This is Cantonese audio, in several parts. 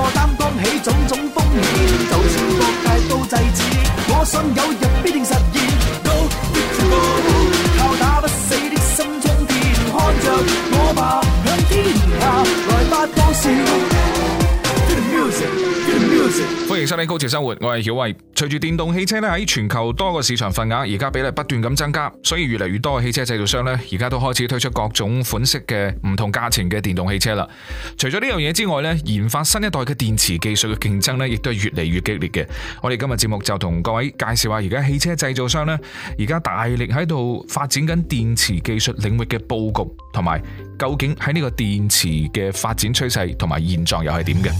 我擔當起種種風險，就算各界都制止，我信有日必定實現。高，一直高，靠打不死的心臟跳，看着我邁向天下，來發狂笑。歡迎收睇《高智生活》，我係曉慧。隨住電動汽車呢喺全球多個市場份額而家比例不斷咁增加，所以越嚟越多嘅汽車製造商呢，而家都開始推出各種款式嘅唔同價錢嘅電動汽車啦。除咗呢樣嘢之外呢，研發新一代嘅電池技術嘅競爭呢，亦都係越嚟越激烈嘅。我哋今日節目就同各位介紹下而家汽車製造商呢，而家大力喺度發展緊電池技術領域嘅布局，同埋究竟喺呢個電池嘅發展趨勢同埋現狀又係點嘅？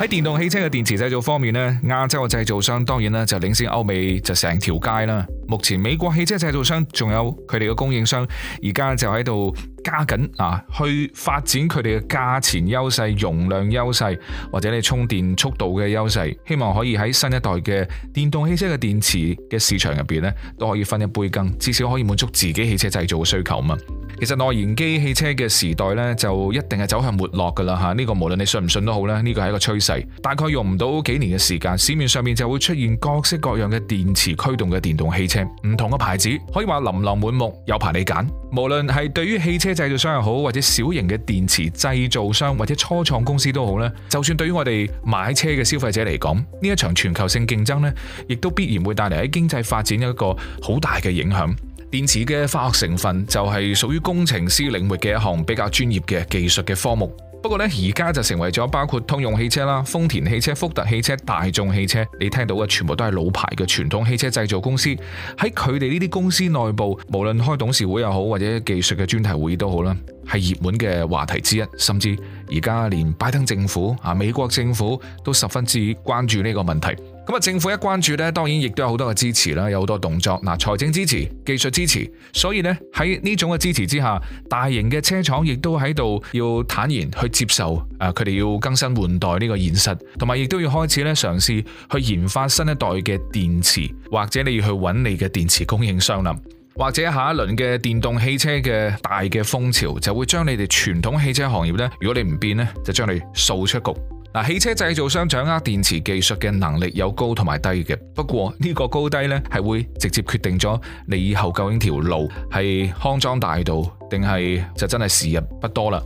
喺電動汽車嘅電池製造方面咧，亞洲嘅製造商當然咧就領先歐美就成條街啦。目前美國汽車製造商仲有佢哋嘅供應商，而家就喺度加緊啊，去發展佢哋嘅價錢優勢、容量優勢或者你充電速度嘅優勢，希望可以喺新一代嘅電動汽車嘅電池嘅市場入邊咧都可以分一杯羹，至少可以滿足自己汽車製造嘅需求嘛。其實內燃機汽車嘅時代咧，就一定係走向沒落噶啦吓，呢個無論你信唔信都好咧，呢個係一個趨勢，大概用唔到幾年嘅時間，市面上面就會出現各式各樣嘅電池驅動嘅電動汽車，唔同嘅牌子，可以話琳琅滿目，有排你揀。無論係對於汽車製造商又好，或者小型嘅電池製造商或者初創公司都好咧，就算對於我哋買車嘅消費者嚟講，呢一場全球性競爭咧，亦都必然會帶嚟喺經濟發展一個好大嘅影響。電池嘅化學成分就係屬於工程師領域嘅一項比較專業嘅技術嘅科目。不過呢，而家就成為咗包括通用汽車啦、豐田汽車、福特汽車、大眾汽車，你聽到嘅全部都係老牌嘅傳統汽車製造公司。喺佢哋呢啲公司內部，無論開董事會又好，或者技術嘅專題會議都好啦，係熱門嘅話題之一。甚至而家連拜登政府啊，美國政府都十分之關注呢個問題。咁政府一關注咧，當然亦都有好多嘅支持啦，有好多動作。嗱，財政支持、技術支持，所以咧喺呢種嘅支持之下，大型嘅車廠亦都喺度要坦然去接受，誒，佢哋要更新換代呢個現實，同埋亦都要開始咧嘗試去研發新一代嘅電池，或者你要去揾你嘅電池供應商啦，或者下一輪嘅電動汽車嘅大嘅風潮，就會將你哋傳統汽車行業咧，如果你唔變咧，就將你掃出局。嗱，汽車製造商掌握電池技術嘅能力有高同埋低嘅，不過呢個高低呢係會直接決定咗你以後究竟條路係康莊大道，定係就真係時日不多啦。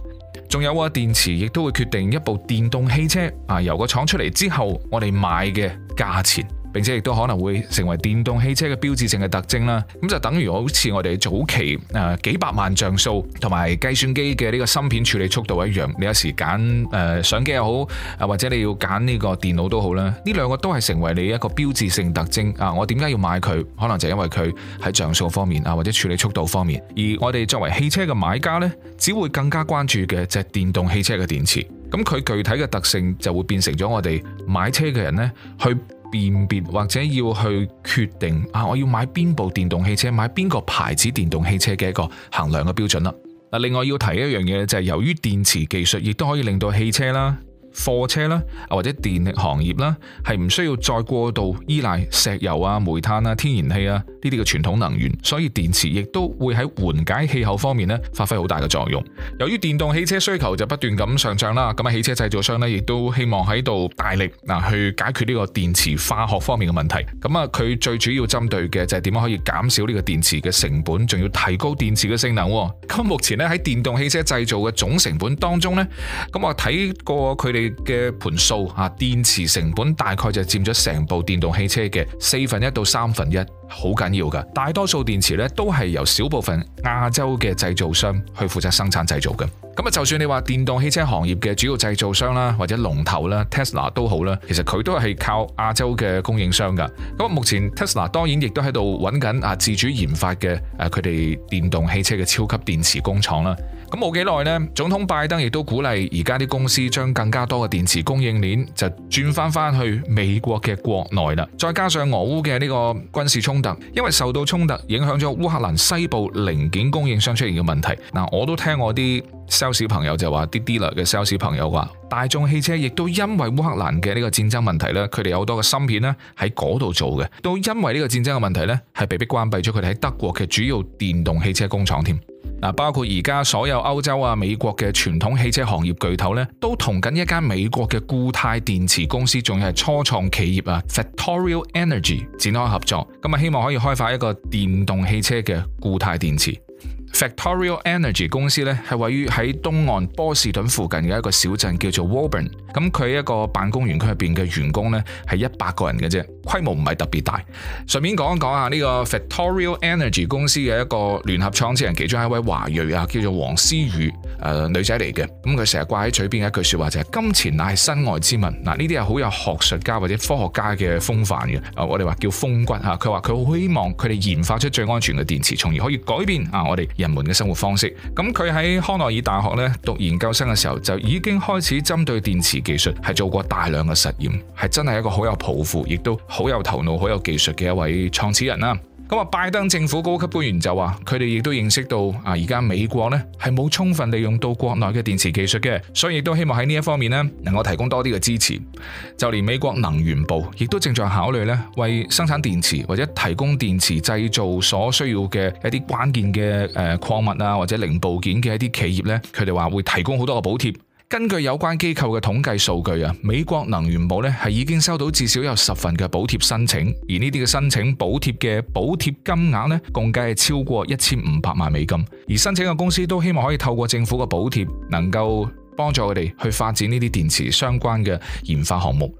仲有啊，電池亦都會決定一部電動汽車啊由個廠出嚟之後，我哋買嘅價錢。並且亦都可能會成為電動汽車嘅標誌性嘅特徵啦。咁就等於好似我哋早期誒、呃、幾百萬像素同埋計算機嘅呢個芯片處理速度一樣。你有時揀誒、呃、相機又好，啊或者你要揀呢個電腦都好啦。呢兩個都係成為你一個標誌性特徵。啊，我點解要買佢？可能就因為佢喺像素方面啊，或者處理速度方面。而我哋作為汽車嘅買家呢，只會更加關注嘅就係電動汽車嘅電池。咁佢具體嘅特性就會變成咗我哋買車嘅人呢，去。辨別或者要去決定啊，我要買邊部電動汽車，買邊個牌子電動汽車嘅一個衡量嘅標準啦。另外要提一樣嘢，就係、是、由於電池技術亦都可以令到汽車啦。貨車啦，或者電力行業啦，係唔需要再過度依賴石油啊、煤炭啊、天然氣啊呢啲嘅傳統能源，所以電池亦都會喺緩解氣候方面咧發揮好大嘅作用。由於電動汽車需求就不斷咁上漲啦，咁啊汽車製造商呢亦都希望喺度大力嗱去解決呢個電池化學方面嘅問題。咁啊，佢最主要針對嘅就係點樣可以減少呢個電池嘅成本，仲要提高電池嘅性能。咁目前咧喺電動汽車製造嘅總成本當中呢，咁我睇過佢哋，嘅盤數啊，電池成本大概就佔咗成部電動汽車嘅四分一到三分一。好緊要噶，大多數電池咧都係由少部分亞洲嘅製造商去負責生產製造嘅。咁啊，就算你話電動汽車行業嘅主要製造商啦，或者龍頭啦，Tesla 都好啦，其實佢都係靠亞洲嘅供應商噶。咁啊，目前 Tesla 當然亦都喺度揾緊啊自主研發嘅誒佢哋電動汽車嘅超級電池工廠啦。咁冇幾耐呢，總統拜登亦都鼓勵而家啲公司將更加多嘅電池供應鏈就轉翻翻去美國嘅國內啦。再加上俄烏嘅呢個軍事衝因為受到衝突影響咗烏克蘭西部零件供應商出現嘅問題，嗱、嗯，我都聽我啲 sales 朋友就話啲 dealer 嘅 sales 朋友話，大眾汽車亦都因為烏克蘭嘅呢個戰爭問題咧，佢哋有好多嘅芯片咧喺嗰度做嘅，都因為呢個戰爭嘅問題咧，係被迫關閉咗佢哋喺德國嘅主要電動汽車工廠添。嗱，包括而家所有歐洲啊、美國嘅傳統汽車行業巨頭咧，都同緊一間美國嘅固態電池公司，仲係初創企業啊，Factorial Energy 展開合作，咁啊希望可以開發一個電動汽車嘅固態電池。Factorial Energy 公司咧係位於喺東岸波士頓附近嘅一個小鎮，叫做 Woburn。咁佢一個辦公園區入邊嘅員工咧係一百個人嘅啫，規模唔係特別大。順便講一講啊，呢個 Factorial Energy 公司嘅一個聯合創始人其中一位華裔啊，叫做黃思宇，誒女仔嚟嘅。咁佢成日掛喺嘴邊嘅一句說話就係金錢乃係身外之物嗱，呢啲係好有學術家或者科學家嘅風範嘅。啊。我哋話叫風骨吓，佢話佢好希望佢哋研發出最安全嘅電池，從而可以改變啊我哋人們嘅生活方式。咁佢喺康奈爾大學咧讀研究生嘅時候就已經開始針對電池技術係做過大量嘅實驗，係真係一個好有抱負，亦都好有頭腦、好有技術嘅一位創始人啦。咁、嗯、啊，拜登政府高級官員就話，佢哋亦都認識到啊，而家美國呢係冇充分利用到國內嘅電池技術嘅，所以亦都希望喺呢一方面呢能夠提供多啲嘅支持。就連美國能源部亦都正在考慮呢，為生產電池或者提供電池製造所需要嘅一啲關鍵嘅誒礦物啊，或者零部件嘅一啲企業呢，佢哋話會提供好多嘅補貼。根據有關機構嘅統計數據啊，美國能源部咧，係已經收到至少有十份嘅補貼申請，而呢啲嘅申請補貼嘅補貼金額呢共計係超過一千五百萬美金，而申請嘅公司都希望可以透過政府嘅補貼，能夠幫助佢哋去發展呢啲電池相關嘅研發項目。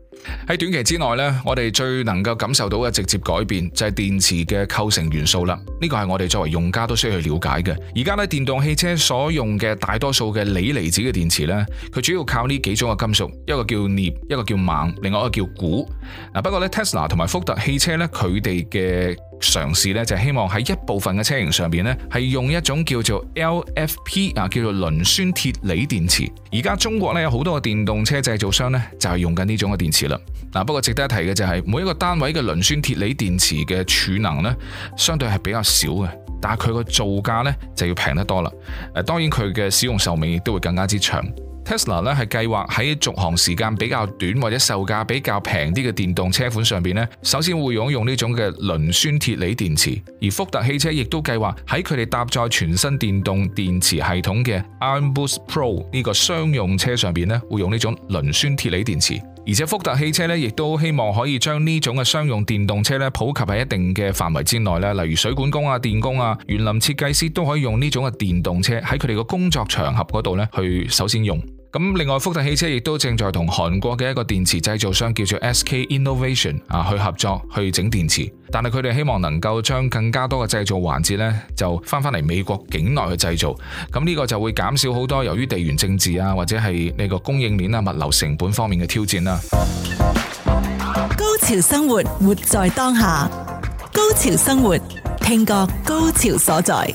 喺短期之內呢，我哋最能夠感受到嘅直接改變就係電池嘅構成元素啦。呢個係我哋作為用家都需要去了解嘅。而家呢，電動汽車所用嘅大多數嘅鋰離子嘅電池呢，佢主要靠呢幾種嘅金屬，一個叫鎳，一個叫錳，另外一個叫鈷。嗱，不過呢 Tesla 同埋福特汽車呢，佢哋嘅嘗試呢，就係希望喺一部分嘅車型上邊呢係用一種叫做 LFP 啊，叫做磷酸鐵鋰電池。而家中國呢，有好多嘅電動車製造商呢，就係用緊呢種嘅電池。嗱，不過值得一提嘅就係，每一個單位嘅磷酸鐵鋰電池嘅儲能咧，相對係比較少嘅，但係佢個造價咧就要平得多啦。誒，當然佢嘅使用壽命亦都會更加之長。Tesla 咧係計劃喺續航時間比較短或者售價比較平啲嘅電動車款上邊咧，首先會採用呢種嘅磷酸鐵鋰電池。而福特汽車亦都計劃喺佢哋搭載全新電動電池系統嘅 Rimboos Pro 呢個商用車上邊咧，會用呢種磷酸鐵鋰電池。而且福特汽車咧，亦都希望可以將呢種嘅商用電動車咧，普及喺一定嘅範圍之內咧，例如水管工啊、電工啊、園林設計師都可以用呢種嘅電動車喺佢哋嘅工作場合嗰度咧，去首先用。咁另外，福特汽車亦都正在同韓國嘅一個電池製造商叫做 SK Innovation 啊，去合作去整電池。但係佢哋希望能夠將更加多嘅製造環節咧，就翻翻嚟美國境內去製造。咁呢個就會減少好多由於地緣政治啊，或者係呢個供應鏈啊、物流成本方面嘅挑戰啦。高潮生活，活在當下。高潮生活，聽覺高潮所在。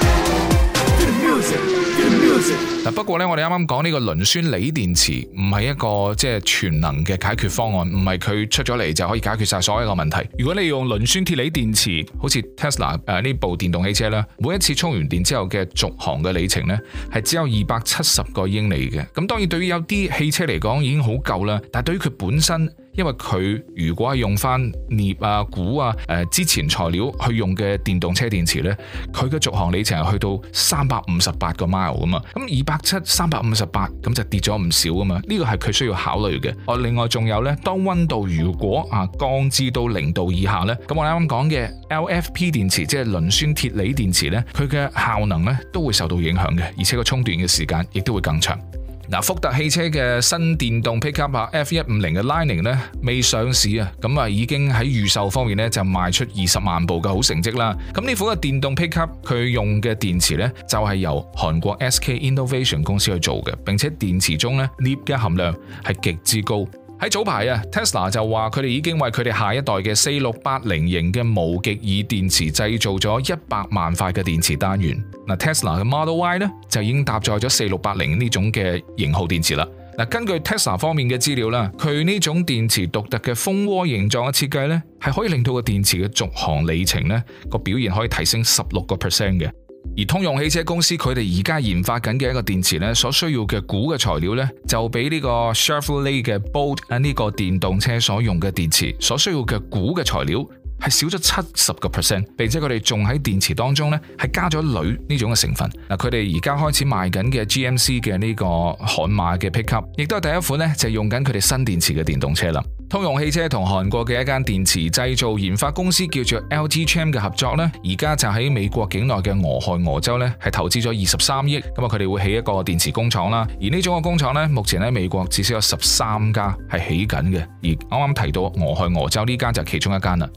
不過呢，我哋啱啱講呢個磷酸鋰電池唔係一個即係全能嘅解決方案，唔係佢出咗嚟就可以解決晒所有嘅問題。如果你用磷酸鐵鋰電池，好似 Tesla 誒呢部電動汽車咧，每一次充完電之後嘅續航嘅里程呢，係只有二百七十個英里嘅。咁當然對於有啲汽車嚟講已經好夠啦，但係對於佢本身。因為佢如果係用翻鎳啊、鈷啊、誒、呃、之前材料去用嘅電動車電池呢，佢嘅續航里程係去到三百五十八個 mile 噶嘛，咁二百七、三百五十八咁就跌咗唔少噶嘛，呢、這個係佢需要考慮嘅。我另外仲有呢，當溫度如果啊降至到零度以下呢，咁我啱啱講嘅 LFP 電池即係磷酸鐵鋰電池呢，佢嘅效能呢都會受到影響嘅，而且個充電嘅時間亦都會更長。嗱，福特汽車嘅新電動 pickup 啊，F 一五零嘅 Lining 咧，未上市啊，咁啊已經喺預售方面咧就賣出二十萬部嘅好成績啦。咁呢款嘅電動 pickup 佢用嘅電池咧就係由韓國 SK Innovation 公司去做嘅，並且電池中呢咧鎳嘅含量係極之高。喺早排啊，Tesla 就話佢哋已經為佢哋下一代嘅4680型嘅無極耳電池製造咗一百萬塊嘅電池單元。嗱，Tesla 嘅 Model Y 咧就已經搭載咗4680呢種嘅型號電池啦。嗱，根據 Tesla 方面嘅資料啦，佢呢種電池獨特嘅蜂窩形狀嘅設計咧，係可以令到個電池嘅續航里程咧個表現可以提升十六個 percent 嘅。而通用汽車公司佢哋而家研發緊嘅一個電池咧，所需要嘅鈷嘅材料咧，就比呢個 Chevrolet 嘅 Bolt 啊呢個電動車所用嘅電池所需要嘅鈷嘅材料係少咗七十個 percent，並且佢哋仲喺電池當中咧係加咗鋁呢種嘅成分。嗱，佢哋而家開始賣緊嘅 GMC 嘅呢個悍馬嘅 pick up，亦都係第一款咧就係用緊佢哋新電池嘅電動車啦。通用汽車同韓國嘅一間電池製造研發公司叫做 LG Chem 嘅合作咧，而家就喺美國境內嘅俄亥俄州咧，係投資咗二十三億，咁啊佢哋會起一個電池工廠啦。而呢種嘅工廠咧，目前喺美國至少有十三家係起緊嘅，而啱啱提到俄亥俄州呢間就其中一間啦。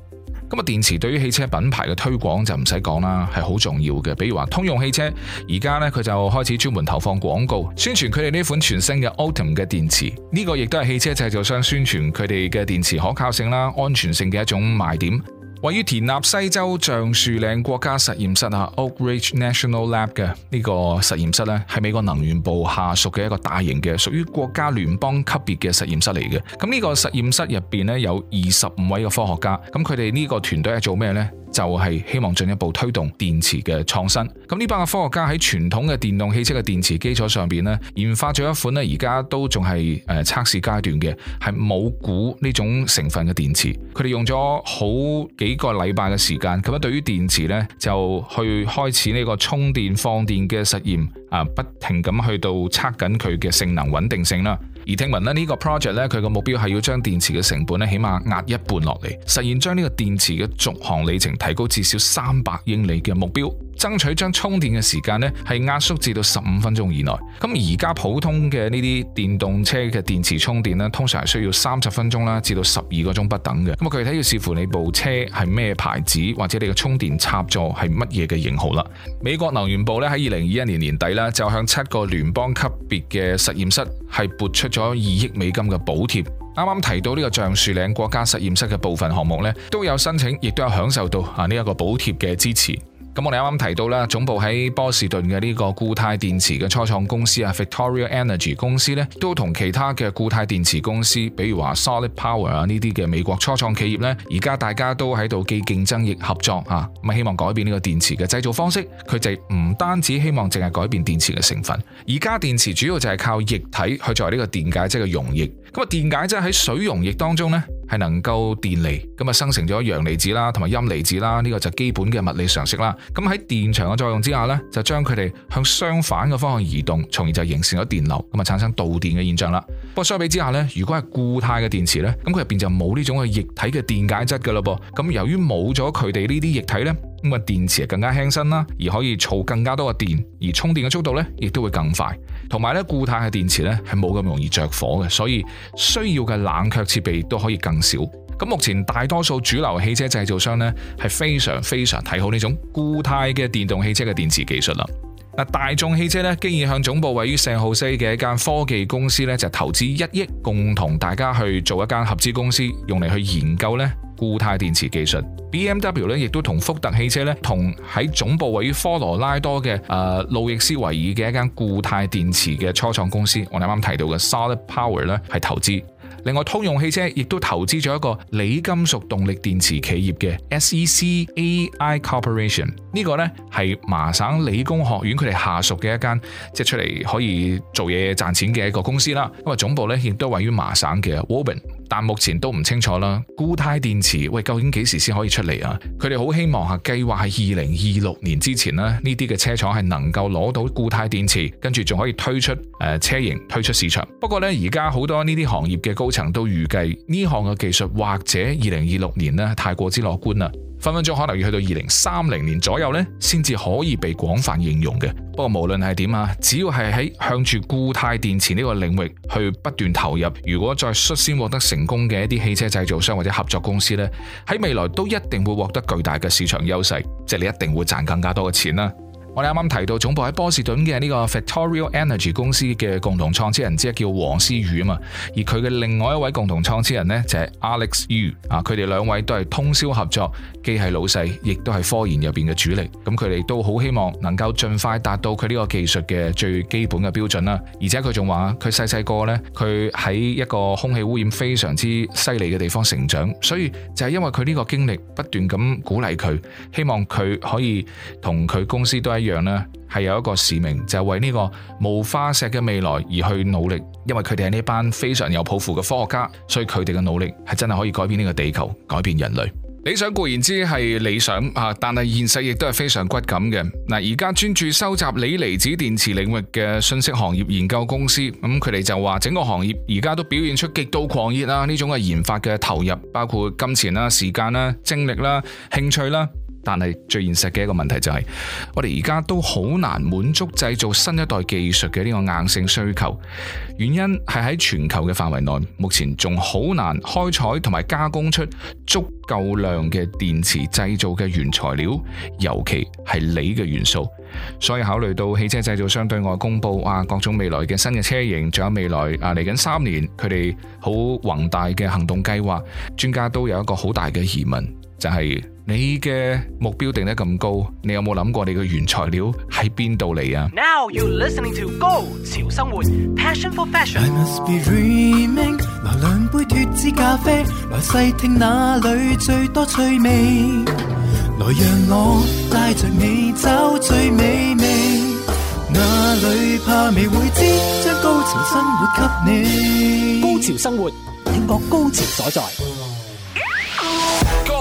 咁啊，電池對於汽車品牌嘅推廣就唔使講啦，係好重要嘅。比如話通用汽車而家呢，佢就開始專門投放廣告宣傳佢哋呢款全新嘅 Ultium 嘅電池，呢個亦都係汽車製造商宣傳佢哋嘅電池可靠性啦、安全性嘅一種賣點。位於田納西州橡樹嶺國家實驗室啊 Oak Ridge National Lab 嘅呢個實驗室咧，係美國能源部下屬嘅一個大型嘅屬於國家聯邦級別嘅實驗室嚟嘅。咁呢個實驗室入邊咧，有二十五位嘅科學家，咁佢哋呢個團隊係做咩咧？就係希望進一步推動電池嘅創新。咁呢班嘅科學家喺傳統嘅電動汽車嘅電池基礎上面呢，研發咗一款咧，而家都仲係誒測試階段嘅，係冇鈷呢種成分嘅電池。佢哋用咗好幾個禮拜嘅時間，咁啊，對於電池呢，就去開始呢個充電放電嘅實驗啊，不停咁去到測緊佢嘅性能穩定性啦。而聽聞咧，呢個 project 咧，佢個目標係要將電池嘅成本起碼壓一半落嚟，實現將呢個電池嘅續航里程提高至少三百英里嘅目標。爭取將充電嘅時間咧，係壓縮至到十五分鐘以內。咁而家普通嘅呢啲電動車嘅電池充電咧，通常係需要三十分鐘啦，至到十二個鐘不等嘅。咁啊，具體要視乎你部車係咩牌子，或者你嘅充電插座係乜嘢嘅型號啦。嗯、美國能源部咧喺二零二一年年底呢，就向七個聯邦級別嘅實驗室係撥出咗二億美金嘅補貼。啱啱提到呢個橡樹嶺國家實驗室嘅部分項目呢，都有申請，亦都有享受到啊呢一個補貼嘅支持。咁我哋啱啱提到啦，總部喺波士頓嘅呢個固態電池嘅初創公司啊，Victoria Energy 公司呢，都同其他嘅固態電池公司，比如話 Solid Power 啊呢啲嘅美國初創企業呢，而家大家都喺度既競爭亦合作啊，咁希望改變呢個電池嘅製造方式。佢哋唔單止希望淨係改變電池嘅成分，而家電池主要就係靠液體去作為呢個電解質嘅溶液。咁啊，電解質喺水溶液當中咧，係能夠電離，咁啊生成咗陽離子啦，同埋陰離子啦，呢個就基本嘅物理常識啦。咁喺電場嘅作用之下呢，就將佢哋向相反嘅方向移動，從而就形成咗電流，咁啊產生導電嘅現象啦。不過相比之下呢，如果係固態嘅電池呢，咁佢入邊就冇呢種嘅液體嘅電解質噶嘞噃。咁由於冇咗佢哋呢啲液體呢。咁啊，電池更加輕身啦，而可以儲更加多嘅電，而充電嘅速度咧亦都會更快。同埋咧，固態嘅電池咧係冇咁容易着火嘅，所以需要嘅冷卻設備都可以更少。咁目前大多數主流汽車製造商呢，係非常非常睇好呢種固態嘅電動汽車嘅電池技術啦。嗱，大眾汽車呢，經已向總部位於聖浩西嘅一間科技公司咧就投資一億，共同大家去做一間合資公司，用嚟去研究呢。固態電池技術，BMW 咧亦都同福特汽車咧，同喺總部位於科羅拉多嘅誒、呃、路易斯維爾嘅一間固態電池嘅初創公司，我哋啱啱提到嘅 Solid Power 咧，係投資。另外通用汽車亦都投資咗一個鋰金屬動力電池企業嘅 SECAI Corporation，個呢個咧係麻省理工學院佢哋下屬嘅一間即係出嚟可以做嘢賺錢嘅一個公司啦。因為總部咧亦都位於麻省嘅 Woburn。但目前都唔清楚啦。固態電池究竟幾時先可以出嚟啊？佢哋好希望啊，計劃喺二零二六年之前啦，呢啲嘅車廠係能夠攞到固態電池，跟住仲可以推出誒、呃、車型推出市場。不過咧，而家好多呢啲行業嘅高層都預計呢項嘅技術或者二零二六年咧太過之樂觀啦。分分鐘可能要去到二零三零年左右咧，先至可以被廣泛應用嘅。不過無論係點啊，只要係喺向住固態電池呢個領域去不斷投入，如果再率先獲得成功嘅一啲汽車製造商或者合作公司呢，喺未來都一定會獲得巨大嘅市場優勢，即係你一定會賺更加多嘅錢啦。我哋啱啱提到總部喺波士頓嘅呢個 Factorial Energy 公司嘅共同創始人之一叫黃思宇啊嘛，而佢嘅另外一位共同創始人呢，就係 Alex Yu 啊，佢哋兩位都係通宵合作，既係老細，亦都係科研入邊嘅主力。咁佢哋都好希望能夠盡快達到佢呢個技術嘅最基本嘅標準啦。而且佢仲話佢細細個咧，佢喺一個空氣污染非常之犀利嘅地方成長，所以就係因為佢呢個經歷，不斷咁鼓勵佢，希望佢可以同佢公司都係一樣呢，係有一個使命，就係為呢個無化石嘅未來而去努力。因為佢哋係呢班非常有抱負嘅科學家，所以佢哋嘅努力係真係可以改變呢個地球，改變人類。理想固然之係理想啊，但係現實亦都係非常骨感嘅。嗱，而家專注收集鋰離子電池領域嘅信息行業研究公司，咁佢哋就話整個行業而家都表現出極度狂熱啦。呢種嘅研發嘅投入，包括金錢啦、時間啦、精力啦、興趣啦。但係最現實嘅一個問題就係，我哋而家都好難滿足製造新一代技術嘅呢個硬性需求，原因係喺全球嘅範圍內，目前仲好難開採同埋加工出足夠量嘅電池製造嘅原材料，尤其係鋰嘅元素。所以考慮到汽車製造商對外公布啊各種未來嘅新嘅車型，仲有未來啊嚟緊三年佢哋好宏大嘅行動計劃，專家都有一個好大嘅疑問，就係。你嘅目標定得咁高，你有冇諗過你嘅原材料喺邊度嚟啊？Now you listening to 高潮生活，Passion for fashion。來兩杯脱脂咖啡，來細聽哪裏最多趣味，來讓我帶着你找最美味，哪裏怕未會知，將高潮生活給你。高潮生活，聽覺高潮所在。